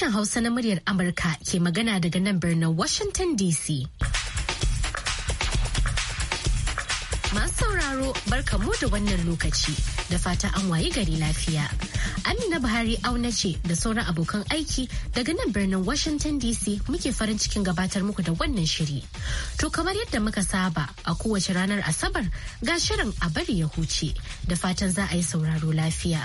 sashen Hausa na muryar Amurka ke magana daga nan birnin Washington DC. Masu sauraro barkamu da wannan lokaci da fata an wayi gari lafiya. Amina Buhari auna ce da sauran abokan aiki daga nan birnin Washington DC muke farin cikin gabatar muku da wannan shiri. To kamar yadda muka saba a kowace ranar Asabar ga shirin a bari ya huce da fatan za a yi sauraro lafiya.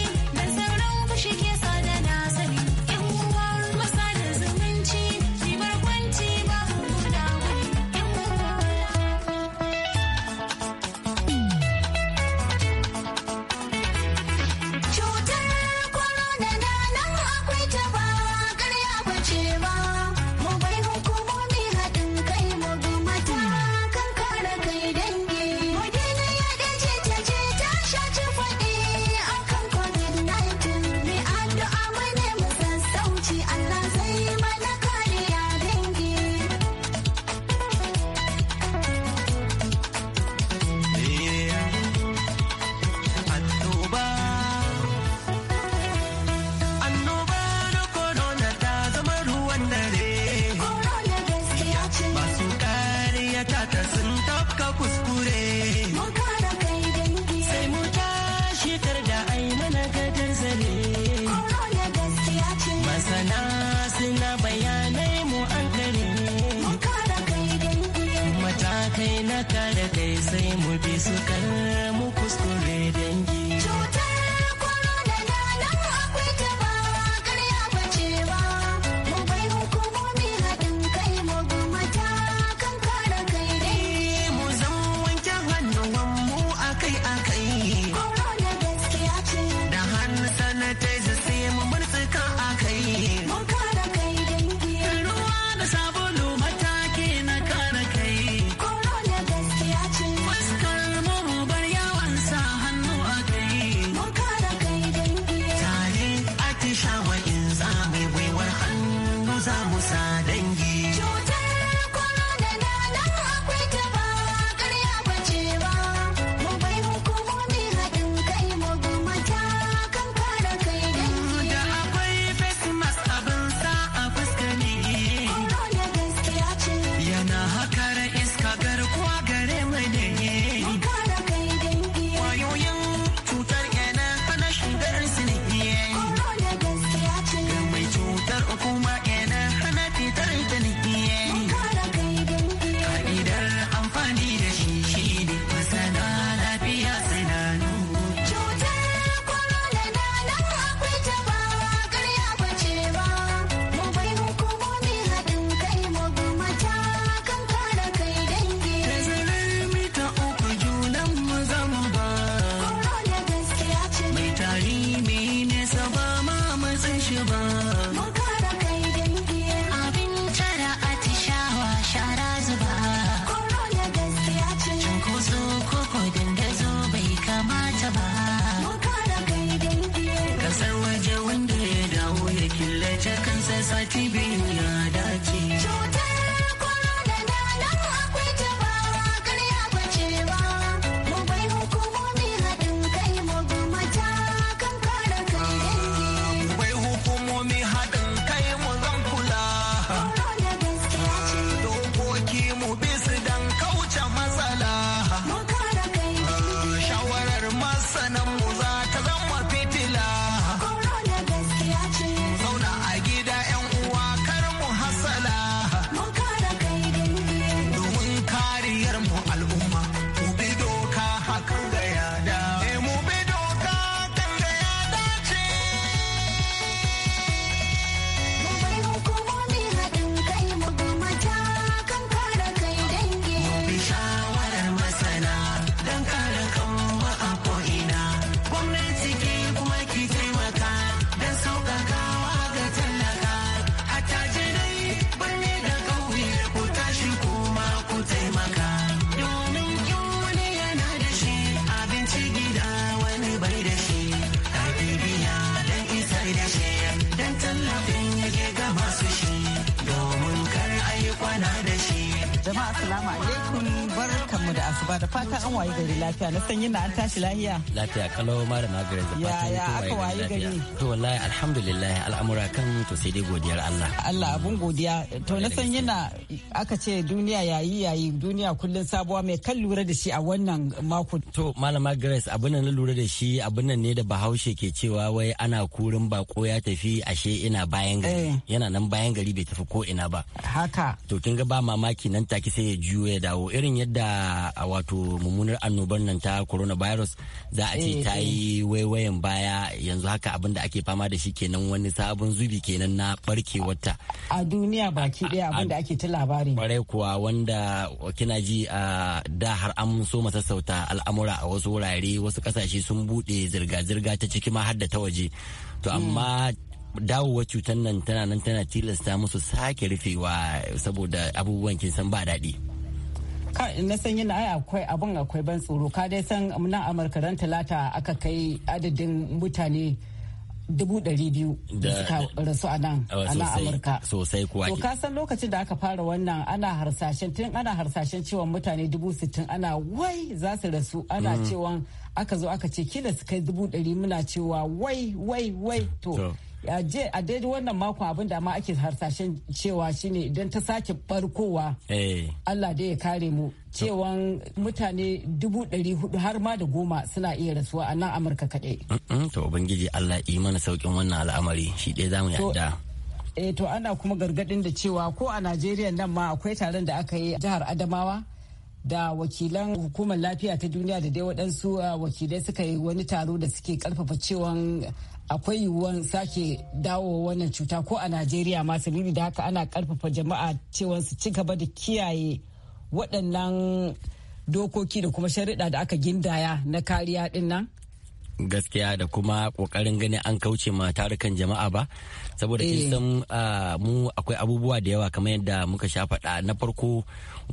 shall we? na san yin an tashi lahiya. Lafiya kalau ma da magare da fatan ya aka waye gari. To wallahi alhamdulillah al'amura kan to sai dai godiyar Allah. Allah abun godiya to na san yin aka ce duniya yayi yayi duniya kullun sabuwa mai kan lura da shi a wannan mako. To malama Grace abin nan na lura da shi abin nan ne da Bahaushe ke cewa wai ana kurin bako ya tafi ashe ina bayan gari. Eh. Yana nan bayan gari bai tafi ko ina ba. Haka. To kin ga ba mamaki nan take sai ya juyo ya dawo irin yadda wato mummunar annobar nan ta coronavirus za a ce eh, ta eh. yi waiwayen baya yanzu haka abin da ake fama da shi kenan wani sabon zubi kenan na barkewarta a duniya baki daya abin da ake ta labari kwarai kuwa wanda kina ji a da har an so masassauta al'amura a wasu wurare wasu kasashe sun bude zirga-zirga ta ciki ma har da ta waje to hmm. amma dawowar cutar nan tana nan tana tilasta musu sake rufewa saboda abubuwan kin san ba daɗi na san yana ai akwai abin akwai ban tsoro ka dai san na amurka ran talata aka kai adadin mutane dubu ɗari biyu da suka rasu a nan a nan amurka sosai kuwa to san lokacin da aka fara wannan ana harsashen tun ana harsashen cewa mutane dubu sittin ana wai za su rasu ana mm-hmm. cewa aka zo aka ce kila su kai dubu ɗari muna cewa wai wai wai to a daidai wannan mako abin da ma ake harsashen cewa shine idan ta sake barkowa eh. Allah dai ya kare mu cewan mutane dubu ɗari hudu har ma da goma suna iya rasuwa a nan amurka kaɗai. to ubangiji Allah yi mana saukin wannan al'amari shi ɗaya zamu yadda eh to ana kuma gargadin da cewa ko a najeriya nan ma akwai taron da aka yi jihar adamawa da wakilan hukumar lafiya ta duniya da dai waɗansu ah, wakilai suka yi wani taro da suke karfafa cewan akwai yiwuwan sake dawo wannan cuta ko a najeriya ma sabili da haka ana karfafa jama'a cewa su ci gaba da kiyaye waɗannan dokoki da kuma shariɗa da aka gindaya na kariya ɗin nan gaskiya da kuma kokarin ganin an kauce ma tarukan jama'a ba saboda kin eh. san mu akwai abubuwa da yawa kamar yadda muka sha faɗa na farko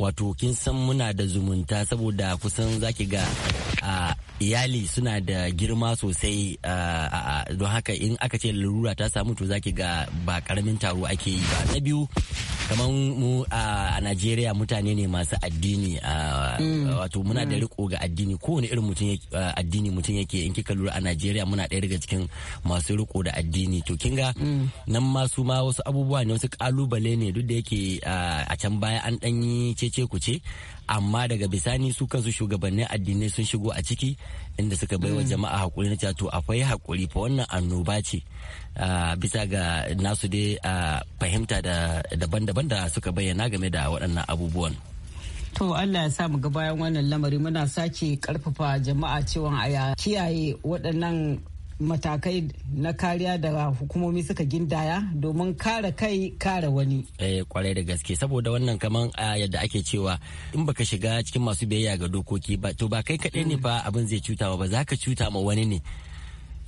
wato kin san muna da zumunta saboda kusan zaki ga iyali suna da girma sosai don haka in aka ce larura ta samu to zaki ga ba karamin taro ake yi ba na biyu kamar mu a najeriya mutane ne masu addini mm. wato muna da mm. riko ga addini kowane irin mutum addini mutum yake in kika lura a najeriya muna ɗaya daga cikin masu riko da addini to kinga mm. nan ma su ma wasu abubuwa ne wasu kalubale ne duk da yake a can baya an ɗanyi cece kuce amma daga bisani su kansu shugabannin addinai sun shigo a ciki inda suka bai wa mm. jama'a hakuri na cewa to akwai hakuri fa wannan annoba ce bisa ga nasu dai fahimta da daban-daban da suka bayyana game da waɗannan abubuwan. To Allah ya sa mu ga bayan wannan lamari muna sake karfafa jama'a cewa a kiyaye waɗannan matakai na kariya da hukumomi suka gindaya domin kare kai kare wani. Eh kwarai da gaske saboda wannan kaman yadda ake cewa in baka shiga cikin masu biyayya ga dokoki ba to ba kai kaɗai ne ba abin zai cuta ba za ka cuta ma wani ne.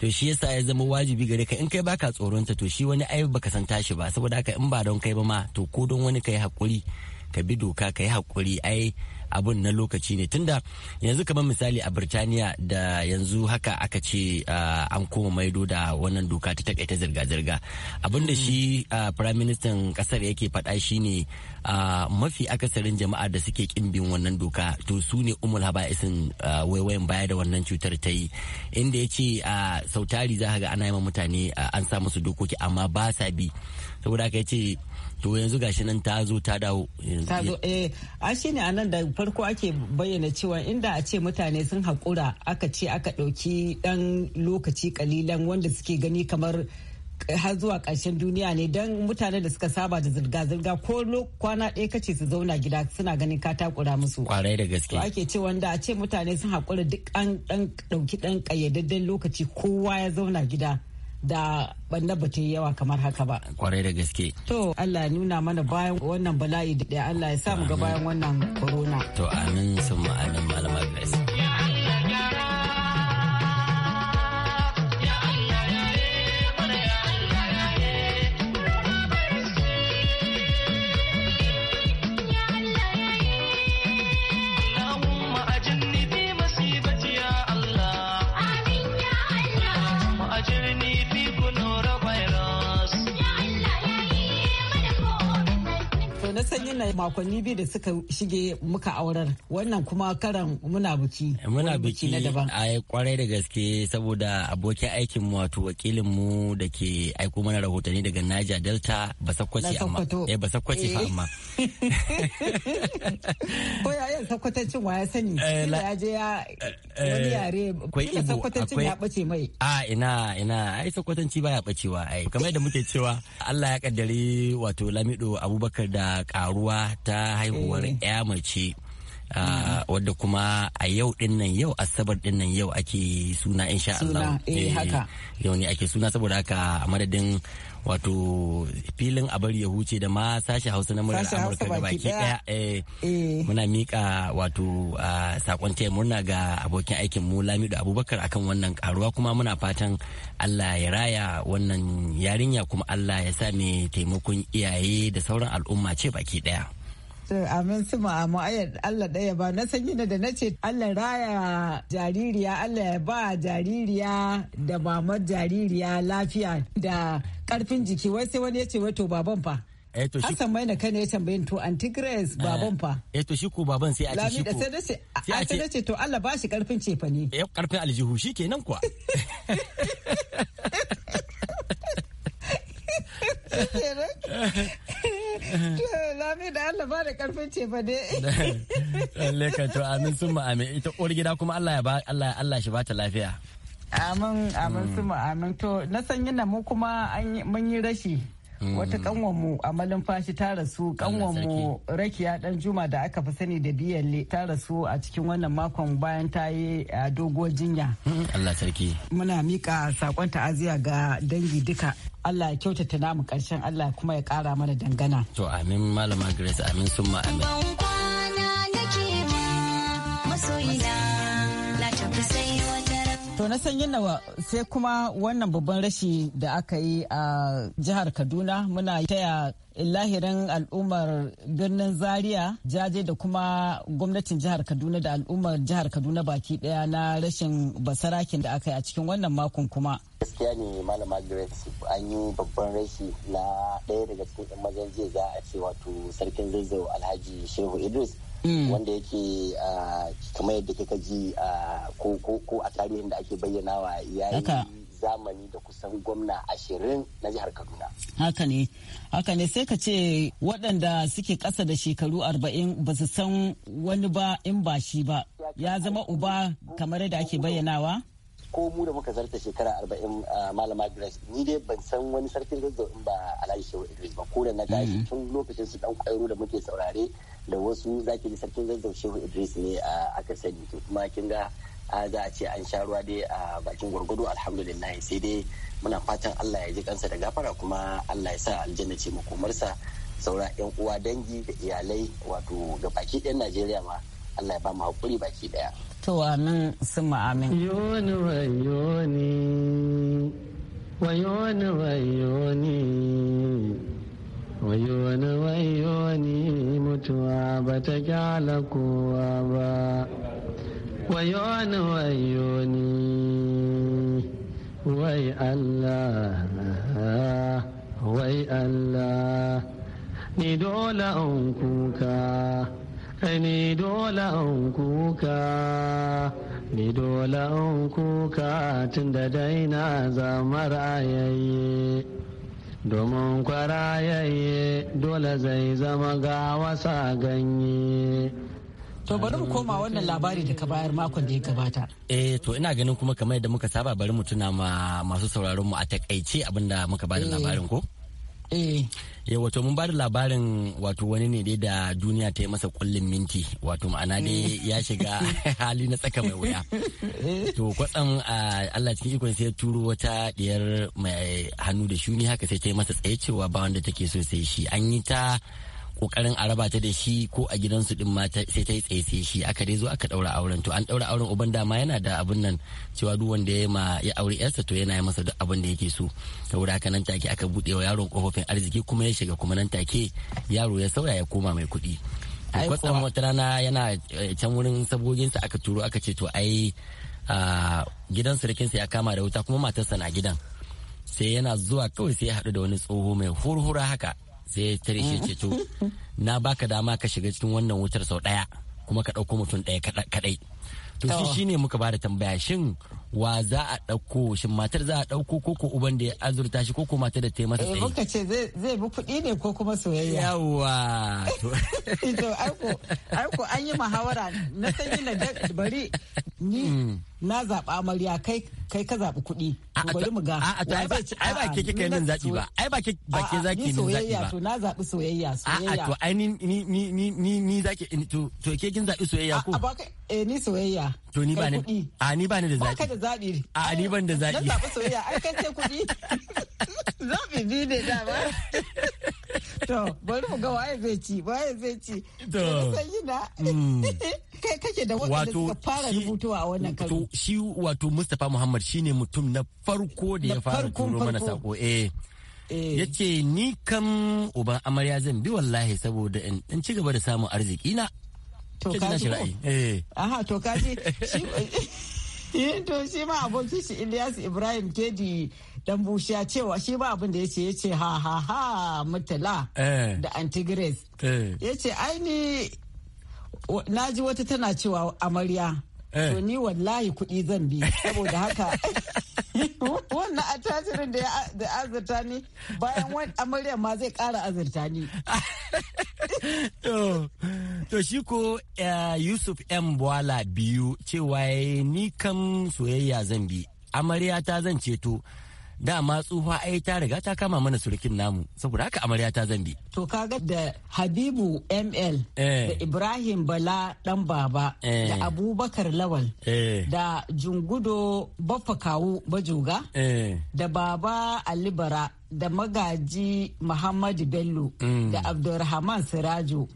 To shi yasa ya zama wajibi gare ka in kai baka tsoronta to shi wani ai baka san tashi ba saboda haka in ba don kai ba ma to ko don wani kai hakuri ka bi doka kai hakuri ai abun na lokaci ne tunda yanzu kamar misali a birtaniya da yanzu haka aka ce ah, an koma maido da wannan doka ta takaita zirga-zirga Abun da mm. shi ah, prime minister kasar yake faɗa shi shine ah, mafi akasarin jama'a da suke kin wannan doka to su ne umul haba'isin waiwayin baya da wannan cutar ta yi inda ya ce sautari za ga ana yi mutane an sa musu dokoki amma ba sa bi saboda haka ya ce to yanzu gashi nan ta zo ta dawo ta zo eh a shi anan da farko ake bayyana cewa inda a ce mutane sun haƙura aka ce aka ɗauki ɗan lokaci kalilan wanda suke gani kamar har zuwa karshen duniya ne dan mutane da suka saba da zirga-zirga ko kwana ɗaya kace su zauna gida suna ganin ka takura musu. Kwarai da gaske. ake ce wanda a ce mutane sun haƙura duk an ɗan ɗauki ɗan ƙayyadadden lokaci kowa ya zauna gida. da banna ba ta yi yawa kamar haka ba. Kwarai da gaske. To Allah nuna mana bayan wannan bala'i da Allah ya samu ga bayan wannan corona. To amin sun ma'anin malamar Grace. na sanyi na makonni biyu da suka shige muka aurar wannan kuma karan muna biki eh, muna biki na daban a kwarai da gaske saboda abokin aikin mu wato wakilin mu da ke aiko mana rahotanni daga Niger Delta Basakwace amma eh Basakwace fa eh. amma ko ya yin sakwatancin wa ya sani eh, ya je ya wani yare kila sakwatancin ya bace mai a ina ina ai sakwatanci baya bacewa ai kamar yadda muke cewa Allah ya kaddare wato Lamido Abubakar da karuwa ta haihuwar eh. ya mace ah, wadda kuma a yau din nan yau asabar din nan yau ake suna insha Allah eh, eh, yau ne ake suna saboda haka a madadin wato filin a ya huce da ma sashi hausa na murar amurka ga baki daya eh, eh. muna mika wato sakon taya murna ga abokin aikin mu lamido abubakar akan wannan karuwa kuma muna fatan allah ya raya wannan yarinya kuma allah ya sa mai taimakon iyaye da sauran al'umma ce baki daya Amin su ma'amu ayar Allah ɗaya ba na san yana da na ce Allah raya jaririya Allah ya ba jaririya da mamar jaririya lafiya da ƙarfin jiki wai sai wani ya ce wato baban fa. Eh, Hassan mai na kai ne ya tambaye to Aunty Grace eh, baban fa eh, to shi ko baban sai a ce shi ko sai sai a sai dace to Allah ba shi karfin cefa ne eh karfin aljihu shikenan kuwa Lami da Allah ba da karfin ce fa dai. Lalle to amin sun amin ita uwar gida kuma Allah ya ba Allah Allah shi ba ta lafiya. Amin amin mm. sun amin to na san yana mu kuma mun yi rashi. Mm. Wata kanwanmu a malumfashi ta rasu kanwanmu rakiya dan juma da aka fi sani da biyalle ta rasu a cikin wannan makon bayan ta yi a doguwar jinya. Mm. Allah sarki. Muna miƙa saƙon ta'aziya ga dangi duka Allah ya kyautata namu karshen Allah kuma ya kara mana dangana. To amin malama Grace amin summa amin. Masoyina. To na san yin sai kuma wannan babban rashi da aka yi a jihar Kaduna muna taya lahirin al'ummar birnin Zaria jaje da kuma gwamnatin jihar Kaduna da al'ummar jihar Kaduna baki daya na rashin basarakin da aka yi a cikin wannan makon kuma. Gaskiya ne malama Grace an yi babban rashi na daya daga cikin 'yan majan jiya za a ce wato sarkin zazzau Alhaji Shehu Idris Mm. wanda yake ah, kamar yadda kika ji ah, ko a tarihin da ake bayyanawa yayi zamani da kusan gwamna ashirin na jihar Kaduna. Haka ne, haka ne sai ka ce waɗanda suke ƙasa da shekaru arba'in ba su san wani ba in ba shi ba, ya zama uba kamar yadda ake bayyanawa? ko mu da muka zarta shekara arba'in ah, malama grace ni dai ban san wani sarkin zazzau in ba alhaji shehu idris ba ko da na gashi mm. tun lokacin su dan kwairo da muke saurare da wasu zaki ji sarkin zazzau shehu idris ne aka sani to kuma kin ga za a ce an sha ruwa dai a bakin gwargwado alhamdulillah sai dai muna fatan allah ya ji kansa da gafara kuma allah ya sa aljanna ce makomarsa saura yan uwa dangi da iyalai wato ga baki ɗayan najeriya ma allah ya ba mu hakuri baki ɗaya. to amin sun amin. yoni wayoni wayoni wayoni wani wayo ni mutuwa ba ta kyala kowa ba wayo ni wayo ni wai allah wai allah ni dole an kuka ni dole an kuka ni dole an kuka tun da daina zamar ayaye domin kwarayayye dole zai zama ga wasa ganye to bari mu koma wannan labari da ka bayar makon da ya gabata eh to ina ganin kuma kamar yadda muka saba bari mu tuna ma masu sauraron mu a takaice abinda muka bada labarin ko Eh. ya wato mun bada labarin wato wani ne dai da duniya ta yi masa kullin minti wato ma'ana dai eh. ya shiga hali na tsaka mai wuya eh. to kwatsam a Allah cikin ikon sai ya turo wata diyar mai hannu da shuni haka sai ta yi masa tsaye cewa ba wanda take so sai shi an yi ta kokarin a raba ta da shi ko a gidansu din ma sai ta yi tsaye-tsaye shi aka dai zo aka daura auren to an daura auren uban dama yana da abin nan cewa duk wanda ya ma ya aure yarsa to yana masa duk abin da yake so saboda haka nan take aka bude wa yaron kofofin arziki kuma ya shiga kuma nan take yaro ya sauya ya koma mai kuɗi kwatsam wata rana yana eh, can wurin sa aka turo aka ce to ai ah, gidan sa ya kama da wuta kuma matarsa na gidan sai yana zuwa kawai sai ya haɗu da wani tsoho mai hurhura haka sai ya tare shi ce na baka dama ka shiga cikin wannan wutar sau daya kuma ka ɗauko mutum ɗaya kadai to shi shine muka bada tambaya shin wa za a ɗauko shi matar za a ɗauko ko ko uban da ya azurta shi ko ko matar da ta yi masa eh, tsaye. Muka ce zai bi kuɗi ne ko kuma soyayya. Yawwa. To aiko aiko an yi muhawara na sanyi na bari ni hmm. na zaɓa amarya kai kai ka zaɓi kuɗi. Bari mu ga. A'a to ai ba ke kika nan zaɓi ba. Ai ba ke ba ke zaki nan zaɓi ba. To na zaɓi soyayya soyayya. A'a to ai ni ni ni ni ni zaki to to ke kin zaɓi soyayya ko. A ba eh ni soyayya. To ni ba ni a ni ba ni da zaki. zaɓi. A ni ban da zaɓi. Na zaɓi soyayya ai kai ce kuɗi. Zaɓi biyu ne dama. To bari mu ga waye zai ci waye zai ci. To. yi na. Mm. Kai kake da waɗanda suka fara rubutuwa a wannan karo. Shi wato Mustapha Muhammad shi ne mutum na farko da ya fara turo mana sako eh. eh. ya ce ni kam uban amarya zan bi wallahi saboda in ci gaba da samun arziki na to ko. Eh. aha to Eh, to shi ma abokin shi Ilyas Ibrahim Kedi dan bushiya cewa shi ba abin da ya ce ha ha ha mutala eh. da antigres eh. ya ce aini na ji wata tana cewa amarya to ni wallahi kuɗi zan bi saboda haka wannan attajirin da ya azurta ni bayan wani amarya ma zai ƙara azurta ni To shi ko eh, Yusuf M. Bwala biyu cewa ni kam soyayya zan bi, amarya ta zan ceto. dama tsufa ai ta riga ta kama mana surukin namu saboda haka amarya ta bi. To kaga da Habibu ML eh. da Ibrahim Bala dan baba da eh. Abubakar Lawal da Jungudo Baffa Bajoga da Baba Alibara da magaji Muhammadu Bello mm. da Abdulrahman Sirajo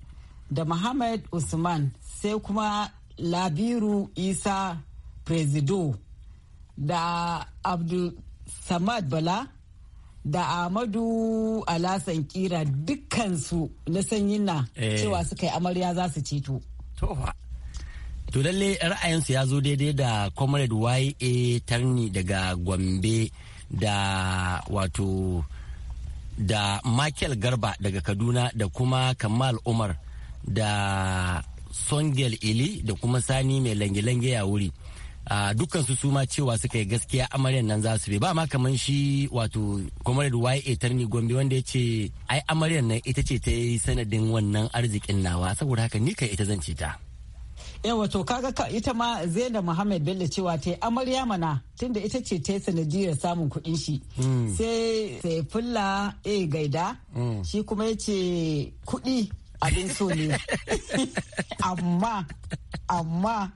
da Muhammad Usman sai kuma Labiru Isa Presido da Abdul Samad Bala da Ahmadu Alasan Kira dukkansu na sanyin na eh. cewa suka yi amarya za su ceto. To lalle ra'ayinsu ya zo daidai da Comrade YA Tarni daga Gombe da wato da Michael Garba daga Kaduna da kuma Kamal Umar da songel ili da kuma sani mai lange-lange ya wuri a dukkansu su ma cewa suka yi gaskiya amaryan nan za su bi ba ma kamar shi wato comrade ya tarni gombe wanda ya ce ai amaryan nan ita ce ta yi sanadin wannan arzikin nawa saboda haka ni kai ita zance ta yawa eh, to kaga ka ita ma zainab muhammad bello cewa ta yi amarya mana tunda ita ce ta yi sanadiyar samun kuɗin shi hmm. sai sai fulla e gaida hmm. shi kuma ya ce kuɗi abin so ne amma amma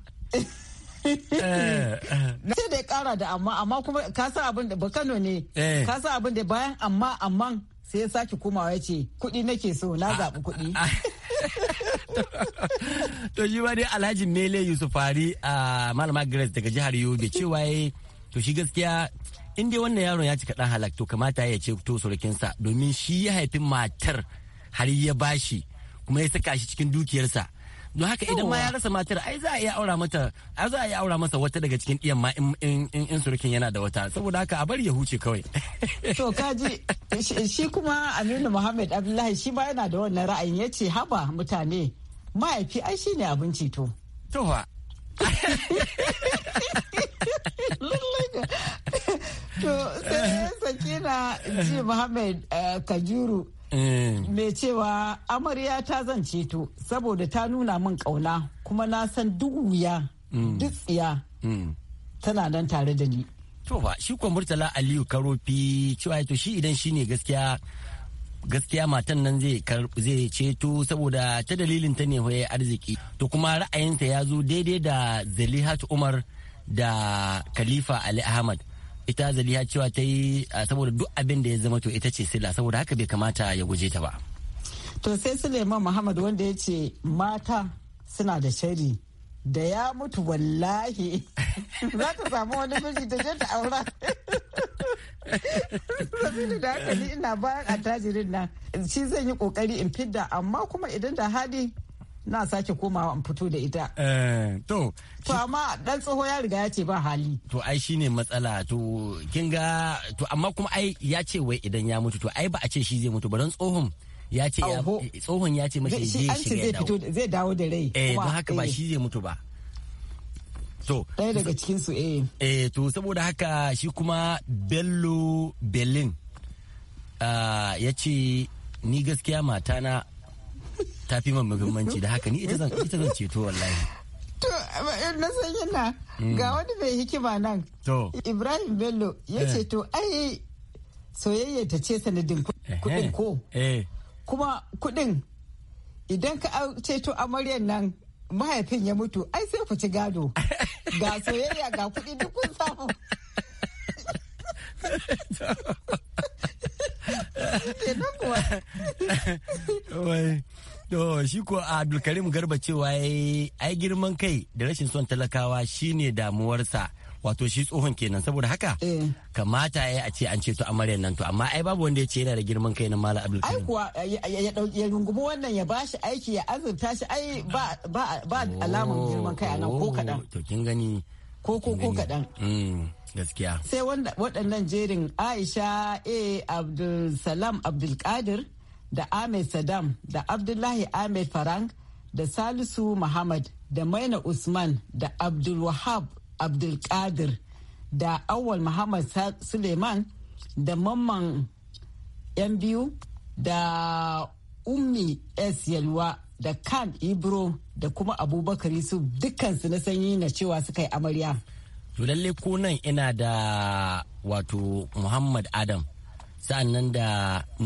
Na eh, eh. ce da ya kara da amma amma kuma ka sa abin da bakano ne eh. ka sa abin da bayan amma amma sai ya sake komawa ya ce kuɗi nake so na zaɓi kuɗi to shi wani dai alhaji mele yusuf fari a malama grace daga jihar yobe cewa ya to shi gaskiya inda wannan yaron ya cika dan halak to kamata ya ce to surukinsa domin shi ya haifi matar har ya bashi kuma ya saka shi cikin dukiyarsa don haka idan ma ya rasa matar ai za a iya aura mata a za a iya aura masa wata daga cikin iyan ma in in surukin yana da wata saboda haka a bari ya huce kawai to kaji shi kuma Aminu Muhammad Abdullahi shi ba yana da wannan ra'ayin ya ce haba mutane mahaifi ai shi ne abinci to to To sai Sakina Ji Muhammad eh, Kajuru eh. mai cewa amarya ta zan ceto saboda ta nuna min kauna kuma na san duk wuya mm. duk tsiya mm. tana nan tare da ni. To fa shi kuwa Murtala Aliyu Karofi cewa to shi idan shi ne gaskiya gaskiya matan nan zai zai ceto saboda ta dalilin ta ne waye arziki to kuma ra'ayinsa ya zo daidai da Zalihat Umar da Khalifa Ali Ahmad. ita zaliha cewa ta yi saboda duk abin da ya zama to ita ce sila saboda haka bai kamata ya guje ta ba to sai suleiman muhammad wanda ya ce mata suna da shari da ya mutu wallahi za ta samu wani miji da je ta aura sabili da haka ni ina bayan attajirin nan shi zan yi kokari in fidda amma kuma idan da hali na sake komawa in fito da ita. Eh, to. To amma dan tsoho ya riga ya ce ba hali. To ai shi ne matsala to kin ga to amma kuma ai ya ce wai idan ya mutu to ai ba a ce shi zai mutu ba dan tsohon ya ce ya tsohon ya ce mashi zai shiga ya dawo. Zai dawo da rai. Eh ba haka ba eh. shi zai mutu ba. To. Ɗaya daga cikin su eh. Eh to saboda haka shi kuma Bello Berlin ah, ya ce ni gaskiya matana ta fi man muhimmanci da haka ni ita zan ita zan ceto wallahi to eh, na san yana hmm. ga wani mai hikima nan to Ibrahim Bello ya eh. ce to ai soyayya ta ce sanadin kudin ko eh. kuma kudin idan ka ceto amaryar nan mahaifin ya mutu ai sai ku ci gado ga soyayya ga kudi duk kun samu kenan kuwa To shi ko Abdulkarim Garba cewa ai girman kai da rashin son talakawa shine damuwarsa. Wato shi tsohon kenan saboda haka eh. kamata ya a ce an ceto amaryar nan to amma ai babu wanda ya ce yana da girman kai na Malam Abdulkarim. Ai kuwa ya dauki ya rungumi wannan ya bashi aiki ya azurta shi ai ba ba ba girman kai a nan ko kadan. Oh, to kin gani ko ko ko kadan. Mm, gaskiya. Sai waɗannan jerin Aisha A Abdulsalam Abdulkadir. da Ahmed Saddam da Abdullahi Ahmed Farang da Salisu Muhammad da Maina Usman da Abdulwahab Abdulkadir da Awal Muhammad Suleiman da Mamman yan biyu da Ummi S. Yalwa da Khan Ibro da kuma Abubakar Yusuf dukkansu na sanyi na cewa suka yi amarya. To lalle ko nan ina da wato Muhammad Adam sa'an nan da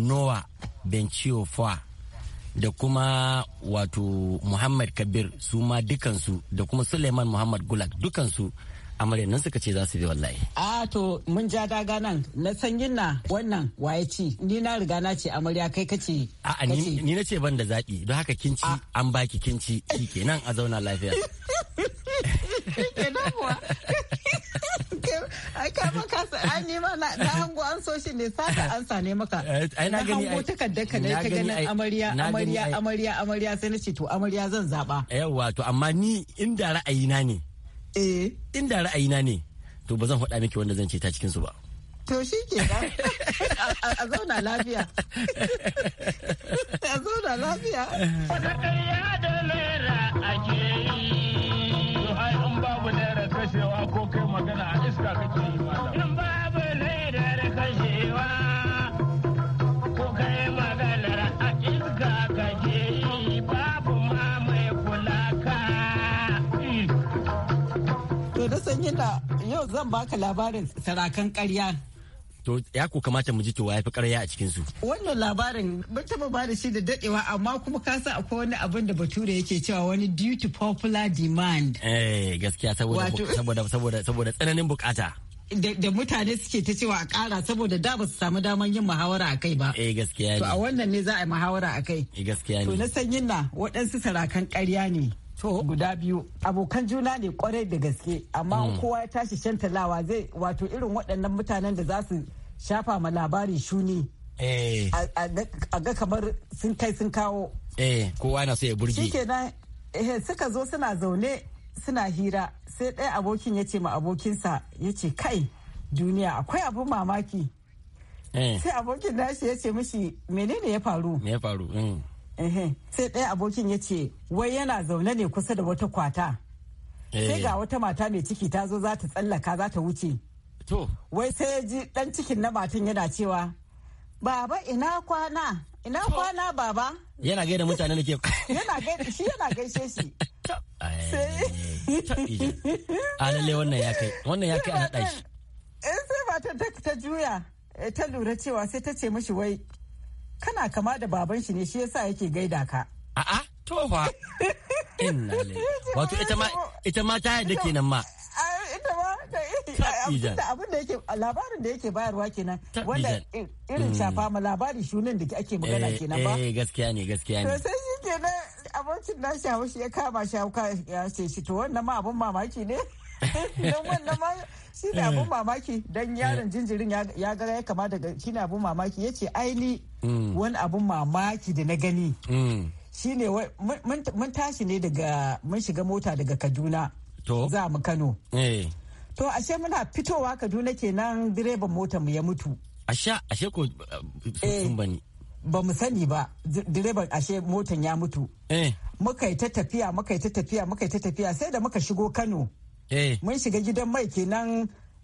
noah fa da kuma wato muhammad kabir su ma dukansu da kuma suleiman muhammad gulak dukansu amarya nan suka ce za su bi wallahi. A to mun ja daga nan na sanyin na wannan waye ci ni na riga na ce amarya kai kace. A'a ni na ce ban da zaɓi don haka kinci an baki kinci kenan a zauna lafiya. Kenan kuwa. ai ka maka an yi mana na hango an so shi ne sata an sane maka eh, ai na gani hango takardar ka dai ka ganin amarya amarya amarya amarya sai na ce to amarya zan zaba Yawwa to amma ni inda ra'ayina ne eh inda ra'ayina ne to ba zan faɗa miki wanda zan ce ta cikin su ba To shi ke a zauna lafiya. A zauna lafiya. Sadakarya da lera ake yi, har in babu naira kashewa ko kai magana a yana yau zan baka labarin sarakan karya. To ya ko kamata mu ji to ya fi karya a cikin su. Wannan labarin ban taba ba da shi da dadewa amma kuma ka san akwai wani abin da Bature yake cewa wani due to popular demand. Eh gaskiya saboda saboda saboda saboda tsananin bukata. da mutane suke ta cewa a kara saboda da ba su samu daman yin muhawara a kai ba. Eh gaskiya ne. To a wannan ne za a yi muhawara a kai. Eh gaskiya ne. To na san yin na waɗansu sarakan karya ne. guda biyu abokan juna ne kwarai da gaske amma hmm. kowa ya tashi shantalawa zai wato irin waɗannan mutanen da za su shafa ma labari shuni eh. a ga kamar sun kai sun kawo eh, kowa na so ya burge shikenan eh, suka zo suna zaune suna hira sai ɗaya abokin ya ce ma abokinsa ya ce kai duniya akwai abin mamaki sai abokin nashi ya ce mishi menene ya faru ya faru hmm. sai ɗaya abokin ya ce wai yana zaune ne kusa da wata kwata sai eh. ga wata mata mai ciki ta zo za ta tsallaka za ta wuce wai sai ya ji ɗan cikin na matan yana cewa baba ina kwana ina kwana baba yana gaida mutane da ke yana gaida shi yana gaishe shi a lalle wannan ya kai wannan ya kai a naɗa shi sai matan ta juya eh, ta lura cewa sai ta ce mashi wai kana kama da baban shi ne shi yasa yake gaida ka a'a to fa inna wato ita ma ita ma ta yadda kenan ma ita ma abin da yake labarin da yake bayarwa kenan wanda irin mm. shafa ma labari shunin da ake magana eh, kenan ba eh gaskiya ne gaskiya ne to sai shi kenan abokin na shawo shi ya kama shawo ya ce shi to wannan ma abin mamaki ne don wannan ma shi ne abun eh. mamaki dan yaron eh. jinjirin ya gara ya kama daga shi ne abun mamaki ya ce aini mm. wani abun mamaki da na gani mm. shi ne mun tashi ne daga mun shiga mota daga kaduna za mu kano eh. to ashe muna fitowa kaduna kenan direban mota mu ya mutu ashe ashe ko sun bani ba mu sani ba direban ashe motan ya mutu muka yi ta tafiya muka yi ta tafiya muka yi ta tafiya sai da muka shigo kano Eh. mun shiga gidan mai kenan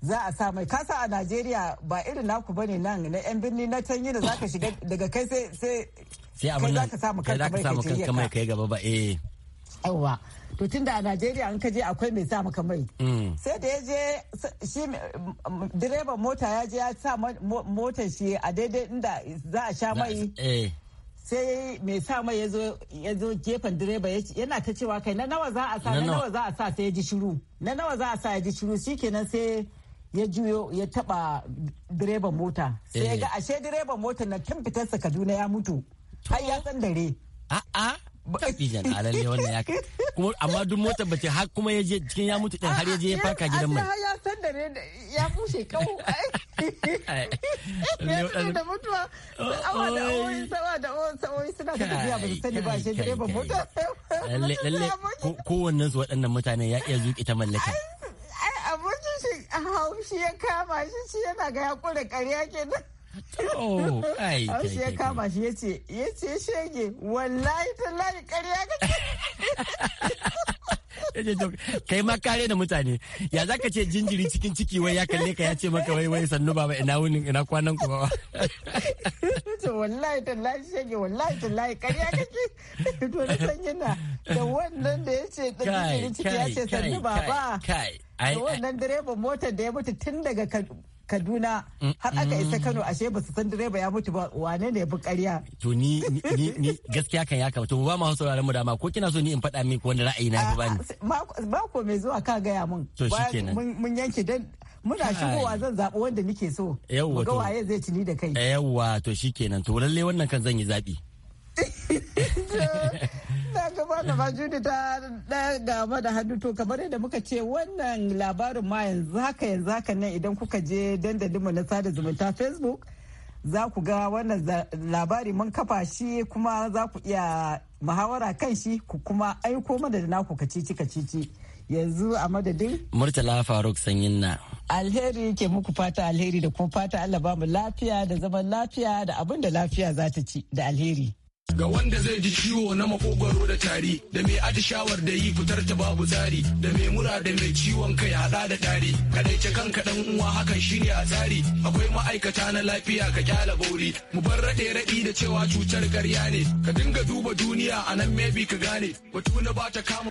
za a sa mai kasa a najeriya ba irin naku bane nan na yan birni na can yi da zaka shiga daga kai sai sai sai abin nan kai samu kanka mai kai gaba ba eh yawa to tunda a najeriya an kaje akwai mai sa maka mai mm. sai da ya je shi direban mota ya je ya sa motar shi a daidai inda za a sha mai eh. sai mai sa mai ya zo gefen direba yana ta cewa kai na nawa za a sa na nawa za a sa sai ya ji shiru na nawa za a sa ya ji shiru shikenan sai ya juyo ya taba direban mota sai ga eh. ashe direban mota na tun fitarsa kaduna ya mutu har ya san dare a'a a ne wannan ya kuma amma duk mota bace har kuma ya je cikin ya mutu din har ya je ya farka gidan mai ya san da ya bushe kawo ya da mutuwa awa da awoyi sama da awoyi suna da tafiya ba su ba shi direba mota lalle su waɗannan mutane ya iya zuƙi ta mallaka ai abokin shi haushi ya kama shi shi yana ga ya kure ƙarya kenan ai, kai, ya kama shi ya ce, ya ce shege, wallahi tallahi ƙarya Kai ma kare da mutane, ya za ka ce jinjiri cikin ciki wai ya kalle ka ya ce maka wai wai sannu baba ina wunin ina kwanan ku baba. To wallahi lai shege, wallahi lai kariya kake. To na san yana da wannan da ya ce da jinjiri ciki ya ce sannu baba. Kai, ai Da wannan direban motar da ya mutu tun daga kaduna mm, har aka isa mm. kano ashe ba su san direba ya mutu ba wane ne bi ƙarya. to ni ni gaskiya kan ya to ba ma sauraron mu dama ko kina so ni in faɗa miki wani ra'ayi na ba ni ba ko mai zuwa ka gaya mun to shikenan mun yanke dan muna shigowa zan zaɓi wanda nike so yawwa to waye zai ci ni da kai yawwa to shikenan to lalle wannan kan zan yi zaɓi ta gaba gaba judi ta daga da hannu to kamar yadda muka ce wannan labarin ma yanzu haka yanzu haka nan idan kuka je mu na sada zumunta Facebook za ku ga wannan labari mun kafa shi kuma za ku iya muhawara kan shi ku kuma aiko mana da naku kacici kacici yanzu a madadin murtala faruk sanyin na alheri ke muku fata alheri da kuma fata allah ba mu lafiya da zaman lafiya da abin da lafiya za ta ci da alheri Ga wanda zai ji ciwo na makogwaro da tari, da mai aji atishawar da yi fitar ta babu tsari, da mai mura da mai ciwon kai hada da tari, kadaice kan kaɗan uwa hakan shine a tsari, akwai ma'aikata na lafiya ka kyala bauri, mu bar raɗe raɗi da cewa cutar karya ne, ka dinga duba duniya a nan mebi ka gane, batu na ba kama.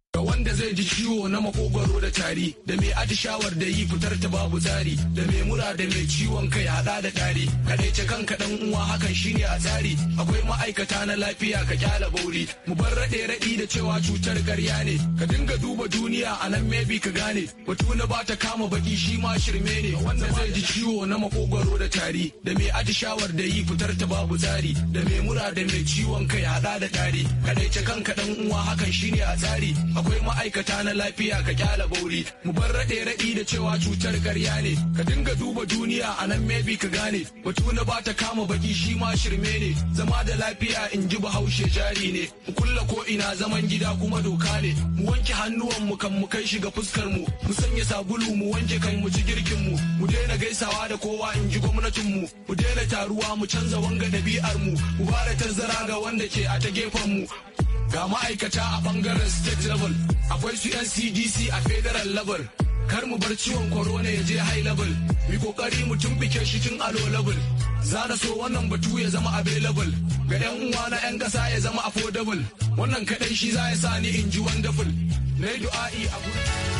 Ga wanda zai ji ciwo na makogwaro da tari, da mai atishawar da yi fitar ta babu tsari, da mai mura da mai ciwon kai hada da tari. ce kanka dan uwa hakan shine a tsari. Akwai ma'aikata na lafiya ka kyala bauri. Mu bar raɗe raɗi da cewa cutar karya ne. Ka dinga duba duniya a nan maybe ka gane. Batu na ba ta kama baki shi ma shirme ne. Wanda zai ji ciwo na makogwaro da tari, da mai atishawar da yi fitar ta babu tsari, da mai mura da mai ciwon kai hada da tari. ce kanka dan uwa hakan shine a tsari. akwai ma'aikata na lafiya ka kyala bauri mu bar raɗe raɗi da cewa cutar ƙarya ne ka dinga duba duniya a nan mebi ka gane batu na ba ta kama baki shi ma shirme ne zama da lafiya in ji bahaushe jari ne mu kulla ko ina zaman gida kuma doka ne mu wanke hannuwan mu kan mu kai shiga fuskar mu mu sanya sabulu mu wanke kan mu ci girkin mu mu daina gaisawa da kowa in ji gwamnatin mu mu daina taruwa mu canza wanga dabi'ar mu mu ba da tazara ga wanda ke a ta gefen mu ga ma'aikata a bangaren state level akwai su yan cdc a federal level kar mu bar ciwon corona ya je high level mu kokari mu tumbike shi tun a low level za na so wannan batu ya zama available ga yan uwa na yan kasa ya zama affordable wannan kadai shi za ya sani ni in ji wonderful na yi du'a'i a gurin